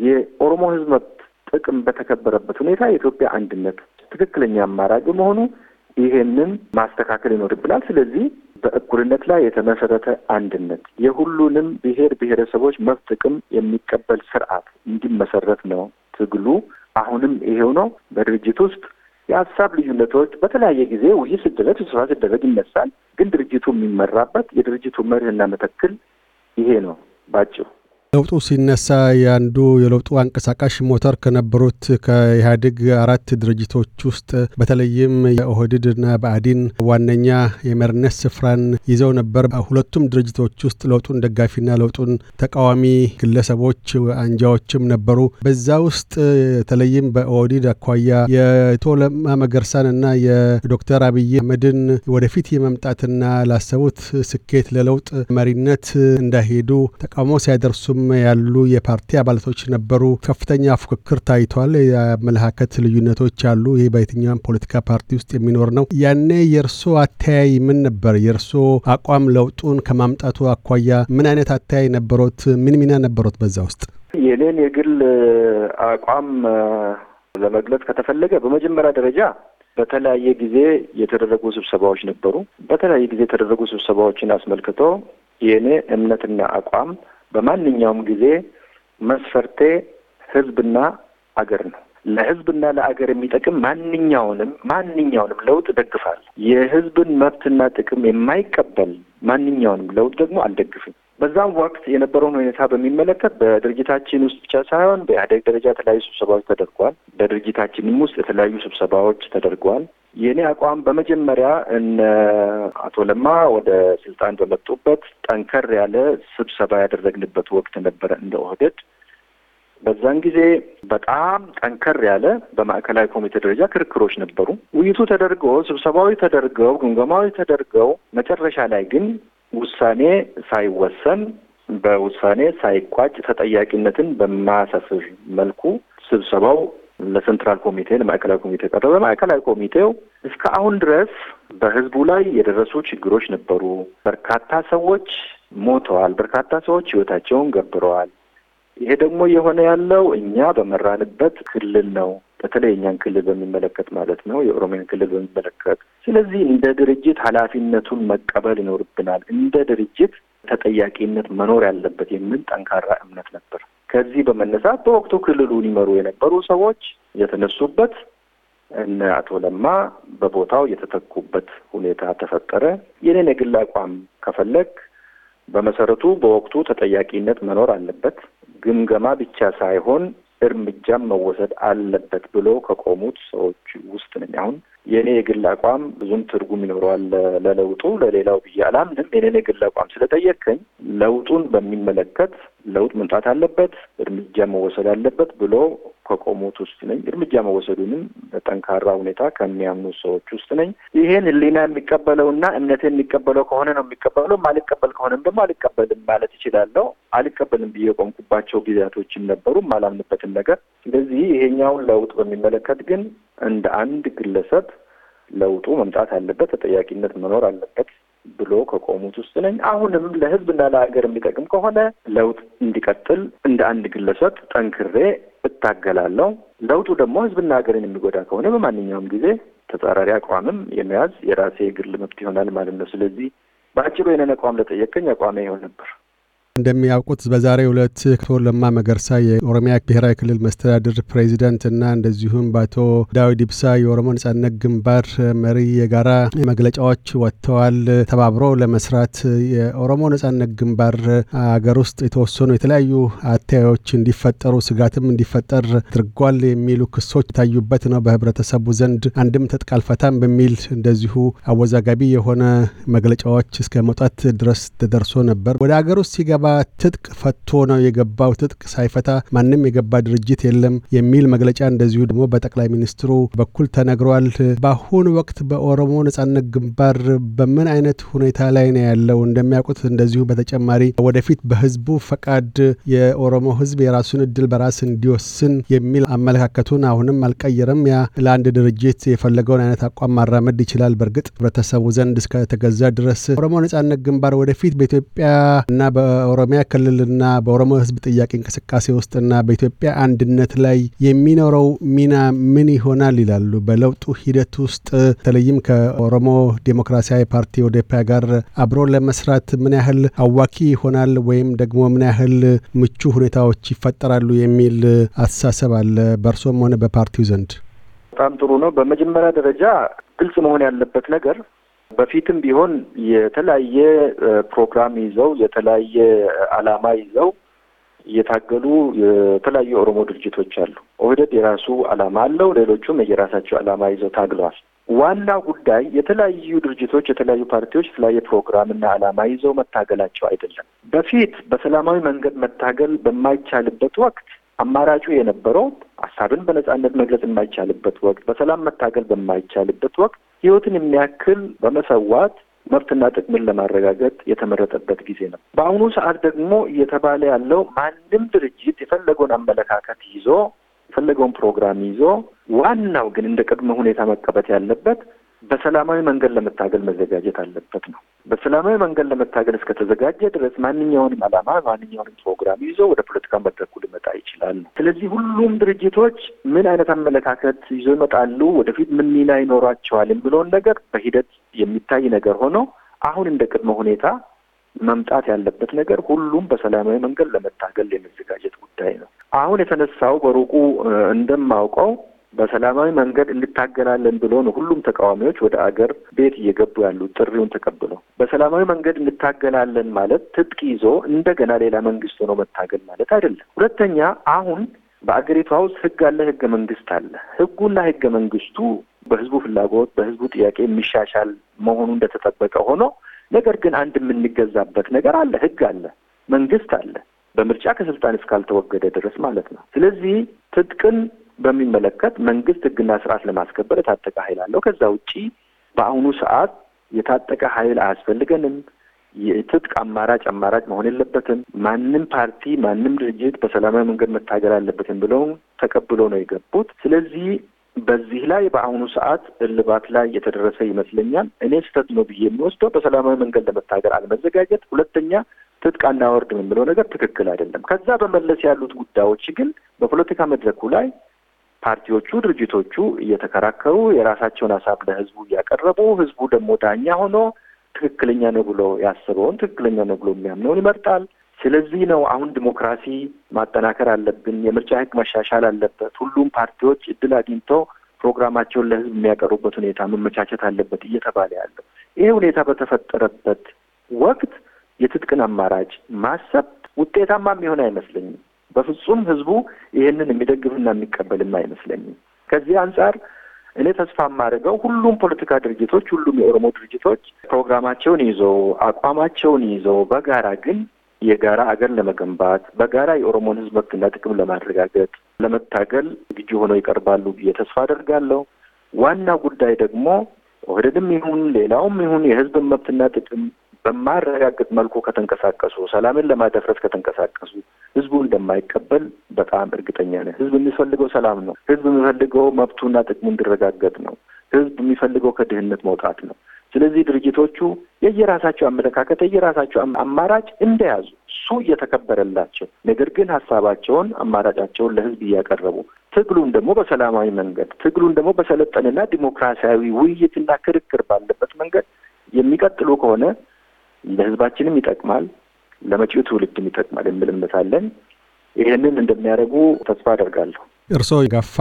የኦሮሞ ህዝብ መብት ጥቅም በተከበረበት ሁኔታ የኢትዮጵያ አንድነት ትክክለኛ አማራጭ መሆኑ ይሄንን ማስተካከል ይኖርብናል። ስለዚህ በእኩልነት ላይ የተመሰረተ አንድነት፣ የሁሉንም ብሔር ብሔረሰቦች መብት ጥቅም የሚቀበል ስርዓት እንዲመሰረት ነው ትግሉ። አሁንም ይሄው ነው። በድርጅት ውስጥ የሀሳብ ልዩነቶች በተለያየ ጊዜ ውይይት ሲደረግ ስብሰባ ሲደረግ ይነሳል። ግን ድርጅቱ የሚመራበት የድርጅቱ መርህና መተክል ይሄ ነው ባጭሩ። ለውጡ ሲነሳ የአንዱ የለውጡ አንቀሳቃሽ ሞተር ከነበሩት ከኢህአዴግ አራት ድርጅቶች ውስጥ በተለይም የኦህዴድ በአዲን ዋነኛ የመሪነት ስፍራን ይዘው ነበር። ሁለቱም ድርጅቶች ውስጥ ለውጡን ደጋፊና ለውጡን ተቃዋሚ ግለሰቦች፣ አንጃዎችም ነበሩ። በዛ ውስጥ በተለይም በኦህዲድ አኳያ የቶለማ መገርሳን እና የዶክተር አብይ አህመድን ወደፊት የመምጣትና ላሰቡት ስኬት ለለውጥ መሪነት እንዳይሄዱ ተቃውሞ ሲያደርሱ ውስጥም ያሉ የፓርቲ አባላቶች ነበሩ። ከፍተኛ ፉክክር ታይቷል። የአመለካከት ልዩነቶች አሉ። ይህ በየትኛውም ፖለቲካ ፓርቲ ውስጥ የሚኖር ነው። ያኔ የእርሶ አተያይ ምን ነበር? የእርሶ አቋም ለውጡን ከማምጣቱ አኳያ ምን አይነት አተያይ ነበሮት? ምን ሚና ነበሮት በዛ ውስጥ? የኔን የግል አቋም ለመግለጽ ከተፈለገ በመጀመሪያ ደረጃ በተለያየ ጊዜ የተደረጉ ስብሰባዎች ነበሩ። በተለያየ ጊዜ የተደረጉ ስብሰባዎችን አስመልክቶ የእኔ እምነትና አቋም በማንኛውም ጊዜ መስፈርቴ ህዝብና አገር ነው። ለህዝብና ለአገር የሚጠቅም ማንኛውንም ማንኛውንም ለውጥ ደግፋል። የህዝብን መብትና ጥቅም የማይቀበል ማንኛውንም ለውጥ ደግሞ አልደግፍም። በዛም ወቅት የነበረውን ሁኔታ በሚመለከት በድርጅታችን ውስጥ ብቻ ሳይሆን በኢህአዴግ ደረጃ የተለያዩ ስብሰባዎች ተደርጓል። በድርጅታችንም ውስጥ የተለያዩ ስብሰባዎች ተደርጓል። የእኔ አቋም በመጀመሪያ እነ አቶ ለማ ወደ ስልጣን በመጡበት ጠንከር ያለ ስብሰባ ያደረግንበት ወቅት ነበረ እንደ ኦህደድ። በዛን ጊዜ በጣም ጠንከር ያለ በማዕከላዊ ኮሚቴ ደረጃ ክርክሮች ነበሩ። ውይይቱ ተደርጎ ስብሰባዊ ተደርገው ግምገማዊ ተደርገው መጨረሻ ላይ ግን ውሳኔ ሳይወሰን በውሳኔ ሳይቋጭ ተጠያቂነትን በማያሰፍር መልኩ ስብሰባው ለሴንትራል ኮሚቴ ለማዕከላዊ ኮሚቴ ቀረበ። ማዕከላዊ ኮሚቴው እስከ አሁን ድረስ በህዝቡ ላይ የደረሱ ችግሮች ነበሩ። በርካታ ሰዎች ሞተዋል። በርካታ ሰዎች ህይወታቸውን ገብረዋል። ይሄ ደግሞ የሆነ ያለው እኛ በመራንበት ክልል ነው። በተለይ እኛን ክልል በሚመለከት ማለት ነው፣ የኦሮሚያን ክልል በሚመለከት። ስለዚህ እንደ ድርጅት ኃላፊነቱን መቀበል ይኖርብናል። እንደ ድርጅት ተጠያቂነት መኖር ያለበት የሚል ጠንካራ እምነት ነበር። ከዚህ በመነሳት በወቅቱ ክልሉን ይመሩ የነበሩ ሰዎች የተነሱበት እነ አቶ ለማ በቦታው የተተኩበት ሁኔታ ተፈጠረ። የኔን የግል አቋም ከፈለግ በመሰረቱ በወቅቱ ተጠያቂነት መኖር አለበት፣ ግምገማ ብቻ ሳይሆን እርምጃም መወሰድ አለበት ብሎ ከቆሙት ሰዎች ውስጥ ነኝ። አሁን የእኔ የግል አቋም ብዙም ትርጉም ይኖረዋል ለለውጡ ለሌላው ብዬ አላምንም። የኔን የግል አቋም ስለጠየቅከኝ ለውጡን በሚመለከት ለውጥ መምጣት አለበት፣ እርምጃ መወሰድ አለበት ብሎ ከቆሙት ውስጥ ነኝ። እርምጃ መወሰዱንም በጠንካራ ሁኔታ ከሚያምኑ ሰዎች ውስጥ ነኝ። ይሄን ህሊና የሚቀበለውና እምነት የሚቀበለው ከሆነ ነው የሚቀበለው። አልቀበል ከሆነም ደግሞ አልቀበልም ማለት ይችላለሁ። አልቀበልም ብዬ ቆምኩባቸው ጊዜያቶችም ነበሩ፣ ማላምንበትን ነገር። ስለዚህ ይሄኛውን ለውጥ በሚመለከት ግን እንደ አንድ ግለሰብ ለውጡ መምጣት አለበት፣ ተጠያቂነት መኖር አለበት ብሎ ከቆሙት ውስጥ ነኝ። አሁንም ለህዝብና ለሀገር የሚጠቅም ከሆነ ለውጥ እንዲቀጥል እንደ አንድ ግለሰብ ጠንክሬ እታገላለሁ። ለውጡ ደግሞ ህዝብና ሀገርን የሚጎዳ ከሆነ በማንኛውም ጊዜ ተጻራሪ አቋምም የመያዝ የራሴ የግል መብት ይሆናል ማለት ነው። ስለዚህ በአጭሩ የነን አቋም ለጠየቀኝ አቋሜ ይሆን ነበር። እንደሚያውቁት በዛሬው ዕለት አቶ ለማ መገርሳ የኦሮሚያ ብሔራዊ ክልል መስተዳድር ፕሬዚደንት እና እንደዚሁም በአቶ ዳዊት ኢብሳ የኦሮሞ ነጻነት ግንባር መሪ የጋራ መግለጫዎች ወጥተዋል። ተባብሮ ለመስራት የኦሮሞ ነጻነት ግንባር አገር ውስጥ የተወሰኑ የተለያዩ አተያዮች እንዲፈጠሩ ስጋትም እንዲፈጠር አድርጓል የሚሉ ክሶች ታዩበት ነው። በህብረተሰቡ ዘንድ አንድም ትጥቅ አልፈታም በሚል እንደዚሁ አወዛጋቢ የሆነ መግለጫዎች እስከ መውጣት ድረስ ተደርሶ ነበር። ወደ አገር ውስጥ ሲገባ ትጥቅ ፈቶ ነው የገባው፣ ትጥቅ ሳይፈታ ማንም የገባ ድርጅት የለም የሚል መግለጫ እንደዚሁ ደግሞ በጠቅላይ ሚኒስትሩ በኩል ተነግሯል። በአሁኑ ወቅት በኦሮሞ ነጻነት ግንባር በምን አይነት ሁኔታ ላይ ነው ያለው? እንደሚያውቁት እንደዚሁ በተጨማሪ ወደፊት በህዝቡ ፈቃድ የኦሮሞ ህዝብ የራሱን እድል በራስ እንዲወስን የሚል አመለካከቱን አሁንም አልቀየረም። ያ ለአንድ ድርጅት የፈለገውን አይነት አቋም ማራመድ ይችላል። በእርግጥ ህብረተሰቡ ዘንድ እስከተገዛ ድረስ ኦሮሞ ነጻነት ግንባር ወደፊት በኢትዮጵያ እና በኦሮ በኦሮሚያ ክልልና በኦሮሞ ህዝብ ጥያቄ እንቅስቃሴ ውስጥና በኢትዮጵያ አንድነት ላይ የሚኖረው ሚና ምን ይሆናል ይላሉ? በለውጡ ሂደት ውስጥ በተለይም ከኦሮሞ ዴሞክራሲያዊ ፓርቲ ኦዴፓ ጋር አብሮ ለመስራት ምን ያህል አዋኪ ይሆናል ወይም ደግሞ ምን ያህል ምቹ ሁኔታዎች ይፈጠራሉ የሚል አስተሳሰብ አለ በእርሶም ሆነ በፓርቲው ዘንድ? በጣም ጥሩ ነው። በመጀመሪያ ደረጃ ግልጽ መሆን ያለበት ነገር በፊትም ቢሆን የተለያየ ፕሮግራም ይዘው የተለያየ ዓላማ ይዘው እየታገሉ የተለያዩ የኦሮሞ ድርጅቶች አሉ። ኦህደድ የራሱ ዓላማ አለው። ሌሎቹም የራሳቸው ዓላማ ይዘው ታግለዋል። ዋናው ጉዳይ የተለያዩ ድርጅቶች፣ የተለያዩ ፓርቲዎች የተለያየ ፕሮግራምና ዓላማ ይዘው መታገላቸው አይደለም። በፊት በሰላማዊ መንገድ መታገል በማይቻልበት ወቅት አማራጩ የነበረው ሀሳብን በነጻነት መግለጽ የማይቻልበት ወቅት፣ በሰላም መታገል በማይቻልበት ወቅት ሕይወትን የሚያክል በመሰዋት መብትና ጥቅምን ለማረጋገጥ የተመረጠበት ጊዜ ነው። በአሁኑ ሰዓት ደግሞ እየተባለ ያለው ማንም ድርጅት የፈለገውን አመለካከት ይዞ የፈለገውን ፕሮግራም ይዞ ዋናው ግን እንደ ቅድመ ሁኔታ መቀበት ያለበት በሰላማዊ መንገድ ለመታገል መዘጋጀት አለበት ነው። በሰላማዊ መንገድ ለመታገል እስከተዘጋጀ ድረስ ማንኛውንም ዓላማ ማንኛውንም ፕሮግራም ይዞ ወደ ፖለቲካ መድረኩ ሊመጣ ይችላል። ስለዚህ ሁሉም ድርጅቶች ምን አይነት አመለካከት ይዞ ይመጣሉ፣ ወደፊት ምን ሚና ይኖራቸዋል የሚለውን ነገር በሂደት የሚታይ ነገር ሆኖ አሁን እንደ ቅድመ ሁኔታ መምጣት ያለበት ነገር ሁሉም በሰላማዊ መንገድ ለመታገል የመዘጋጀት ጉዳይ ነው። አሁን የተነሳው በሩቁ እንደማውቀው በሰላማዊ መንገድ እንታገላለን ብሎ ነው ሁሉም ተቃዋሚዎች ወደ አገር ቤት እየገቡ ያሉ ጥሪውን ተቀብለው። በሰላማዊ መንገድ እንታገላለን ማለት ትጥቅ ይዞ እንደገና ሌላ መንግስት ሆኖ መታገል ማለት አይደለም። ሁለተኛ አሁን በአገሪቷ ውስጥ ህግ አለ፣ ህገ መንግስት አለ። ህጉና ህገ መንግስቱ በህዝቡ ፍላጎት በህዝቡ ጥያቄ የሚሻሻል መሆኑ እንደተጠበቀ ሆኖ ነገር ግን አንድ የምንገዛበት ነገር አለ፣ ህግ አለ፣ መንግስት አለ፣ በምርጫ ከስልጣን እስካልተወገደ ድረስ ማለት ነው። ስለዚህ ትጥቅን በሚመለከት መንግስት ህግና ስርዓት ለማስከበር የታጠቀ ኃይል አለው። ከዛ ውጪ በአሁኑ ሰዓት የታጠቀ ኃይል አያስፈልገንም። የትጥቅ አማራጭ አማራጭ መሆን የለበትም። ማንም ፓርቲ ማንም ድርጅት በሰላማዊ መንገድ መታገል አለበትም ብለው ተቀብሎ ነው የገቡት። ስለዚህ በዚህ ላይ በአሁኑ ሰዓት እልባት ላይ የተደረሰ ይመስለኛል። እኔ ስህተት ነው ብዬ የምወስደው በሰላማዊ መንገድ ለመታገል አለመዘጋጀት፣ ሁለተኛ ትጥቅ አናወርድም የምለው ነገር ትክክል አይደለም። ከዛ በመለስ ያሉት ጉዳዮች ግን በፖለቲካ መድረኩ ላይ ፓርቲዎቹ፣ ድርጅቶቹ እየተከራከሩ የራሳቸውን ሀሳብ ለህዝቡ እያቀረቡ ህዝቡ ደግሞ ዳኛ ሆኖ ትክክለኛ ነው ብሎ ያስበውን ትክክለኛ ነው ብሎ የሚያምነውን ይመርጣል። ስለዚህ ነው አሁን ዲሞክራሲ ማጠናከር አለብን፣ የምርጫ ህግ መሻሻል አለበት፣ ሁሉም ፓርቲዎች እድል አግኝቶ ፕሮግራማቸውን ለህዝብ የሚያቀርቡበት ሁኔታ መመቻቸት አለበት እየተባለ ያለው። ይሄ ሁኔታ በተፈጠረበት ወቅት የትጥቅን አማራጭ ማሰብ ውጤታማ የሚሆን አይመስለኝም። በፍጹም ህዝቡ ይህንን የሚደግፍና የሚቀበልም አይመስለኝም። ከዚህ አንጻር እኔ ተስፋ የማደርገው ሁሉም ፖለቲካ ድርጅቶች፣ ሁሉም የኦሮሞ ድርጅቶች ፕሮግራማቸውን ይዘው አቋማቸውን ይዘው በጋራ ግን የጋራ አገር ለመገንባት በጋራ የኦሮሞን ህዝብ መብትና ጥቅም ለማረጋገጥ ለመታገል ዝግጁ ሆነው ይቀርባሉ ብዬ ተስፋ አደርጋለሁ። ዋና ጉዳይ ደግሞ ኦህዴድም ይሁን ሌላውም ይሁን የህዝብን መብትና ጥቅም በማረጋግጥ መልኩ ከተንቀሳቀሱ፣ ሰላምን ለማደፍረስ ከተንቀሳቀሱ ህዝቡ እንደማይቀበል በጣም እርግጠኛ ነኝ። ህዝብ የሚፈልገው ሰላም ነው። ህዝብ የሚፈልገው መብቱና ጥቅሙ እንዲረጋገጥ ነው። ህዝብ የሚፈልገው ከድህነት መውጣት ነው። ስለዚህ ድርጅቶቹ የየራሳቸው አመለካከት የየራሳቸው አማራጭ እንደያዙ እሱ እየተከበረላቸው፣ ነገር ግን ሀሳባቸውን አማራጫቸውን ለህዝብ እያቀረቡ ትግሉን ደግሞ በሰላማዊ መንገድ ትግሉን ደግሞ በሰለጠንና ዲሞክራሲያዊ ውይይትና ክርክር ባለበት መንገድ የሚቀጥሉ ከሆነ ለህዝባችንም ይጠቅማል፣ ለመጪው ትውልድም ይጠቅማል የሚል እምነት አለን። ይህንን እንደሚያደርጉ ተስፋ አደርጋለሁ። እርስዎ የጋፋ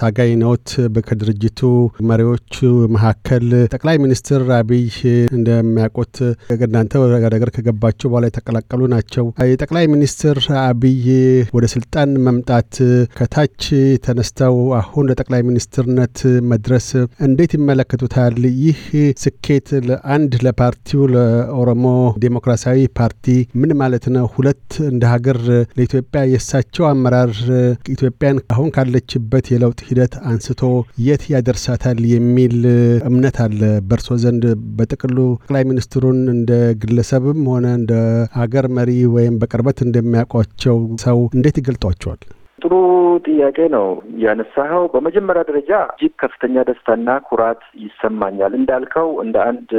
ታጋይ ነዎት። ከድርጅቱ መሪዎቹ መካከል ጠቅላይ ሚኒስትር አብይ እንደሚያውቁት እናንተ ወደ አገር ከገባችሁ በኋላ የተቀላቀሉ ናቸው። የጠቅላይ ሚኒስትር አብይ ወደ ስልጣን መምጣት ከታች ተነስተው አሁን ለጠቅላይ ሚኒስትርነት መድረስ እንዴት ይመለከቱታል? ይህ ስኬት ለአንድ ለፓርቲው ለኦሮሞ ዴሞክራሲያዊ ፓርቲ ምን ማለት ነው? ሁለት እንደ ሀገር ለኢትዮጵያ የእሳቸው አመራር ኢትዮጵያን አሁን አሁን ካለችበት የለውጥ ሂደት አንስቶ የት ያደርሳታል የሚል እምነት አለ በእርሶ ዘንድ? በጥቅሉ ጠቅላይ ሚኒስትሩን እንደ ግለሰብም ሆነ እንደ አገር መሪ ወይም በቅርበት እንደሚያውቋቸው ሰው እንዴት ይገልጧቸዋል? ጥሩ ጥያቄ ነው ያነሳኸው። በመጀመሪያ ደረጃ እጅግ ከፍተኛ ደስታና ኩራት ይሰማኛል። እንዳልከው እንደ አንድ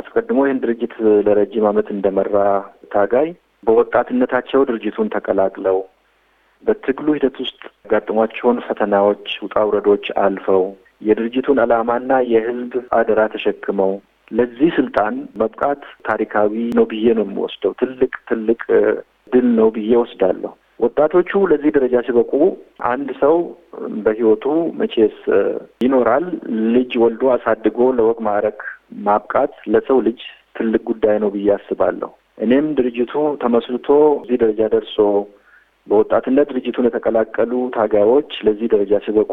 አስቀድሞ ይህን ድርጅት ለረጅም ዓመት እንደመራ ታጋይ በወጣትነታቸው ድርጅቱን ተቀላቅለው በትግሉ ሂደት ውስጥ ያጋጥሟቸውን ፈተናዎች፣ ውጣ ውረዶች አልፈው የድርጅቱን ዓላማና የህዝብ አደራ ተሸክመው ለዚህ ስልጣን መብቃት ታሪካዊ ነው ብዬ ነው የምወስደው። ትልቅ ትልቅ ድል ነው ብዬ ወስዳለሁ። ወጣቶቹ ለዚህ ደረጃ ሲበቁ አንድ ሰው በህይወቱ መቼስ ይኖራል። ልጅ ወልዶ አሳድጎ ለወግ ማዕረግ ማብቃት ለሰው ልጅ ትልቅ ጉዳይ ነው ብዬ አስባለሁ። እኔም ድርጅቱ ተመስልቶ እዚህ ደረጃ ደርሶ በወጣትነት ድርጅቱን የተቀላቀሉ ታጋዮች ለዚህ ደረጃ ሲበቁ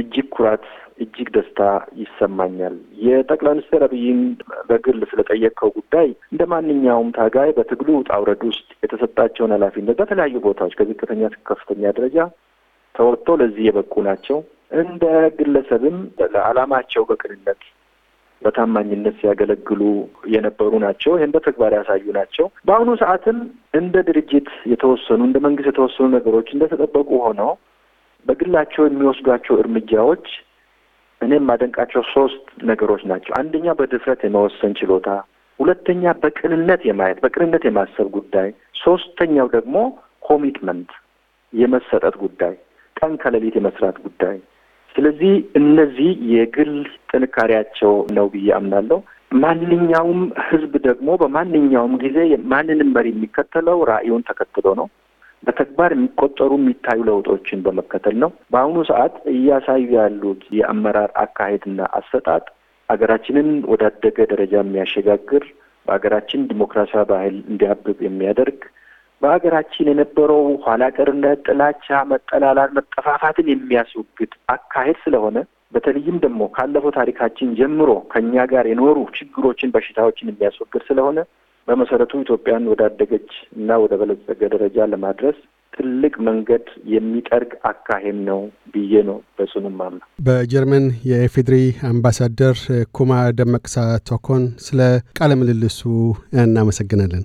እጅግ ኩራት፣ እጅግ ደስታ ይሰማኛል። የጠቅላይ ሚኒስትር አብይን በግል ስለጠየቅከው ጉዳይ እንደ ማንኛውም ታጋይ በትግሉ ውጣ ውረድ ውስጥ የተሰጣቸውን ኃላፊነት በተለያዩ ቦታዎች ከዝቅተኛ እስከ ከፍተኛ ደረጃ ተወጥቶ ለዚህ የበቁ ናቸው። እንደ ግለሰብም ለዓላማቸው በቅንነት በታማኝነት ሲያገለግሉ የነበሩ ናቸው። ይህን በተግባር ያሳዩ ናቸው። በአሁኑ ሰዓትም እንደ ድርጅት የተወሰኑ እንደ መንግስት የተወሰኑ ነገሮች እንደተጠበቁ ሆነው በግላቸው የሚወስዷቸው እርምጃዎች እኔ የማደንቃቸው ሶስት ነገሮች ናቸው። አንደኛ በድፍረት የመወሰን ችሎታ፣ ሁለተኛ በቅንነት የማየት በቅንነት የማሰብ ጉዳይ፣ ሶስተኛው ደግሞ ኮሚትመንት የመሰጠት ጉዳይ፣ ቀን ከሌሊት የመስራት ጉዳይ ስለዚህ እነዚህ የግል ጥንካሬያቸው ነው ብዬ አምናለሁ። ማንኛውም ህዝብ ደግሞ በማንኛውም ጊዜ ማንንም መሪ የሚከተለው ራዕዩን ተከትሎ ነው። በተግባር የሚቆጠሩ የሚታዩ ለውጦችን በመከተል ነው። በአሁኑ ሰዓት እያሳዩ ያሉት የአመራር አካሄድና አሰጣጥ ሀገራችንን ወዳደገ ደረጃ የሚያሸጋግር በሀገራችን ዲሞክራሲያዊ ባህል እንዲያብብ የሚያደርግ በሀገራችን የነበረው ኋላ ቀርነት፣ ጥላቻ፣ መጠላላት፣ መጠፋፋትን የሚያስወግድ አካሄድ ስለሆነ በተለይም ደግሞ ካለፈው ታሪካችን ጀምሮ ከእኛ ጋር የኖሩ ችግሮችን፣ በሽታዎችን የሚያስወግድ ስለሆነ በመሰረቱ ኢትዮጵያን ወዳደገች እና ወደ በለጸገ ደረጃ ለማድረስ ትልቅ መንገድ የሚጠርግ አካሄድ ነው ብዬ ነው በጽኑ ማምነው። በጀርመን የኢፌዴሪ አምባሳደር ኩማ ደመቅሳ ቶኮን ስለ ቃለ ምልልሱ እናመሰግናለን።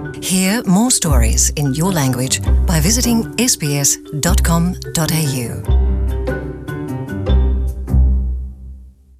Hear more stories in your language by visiting sbs.com.au.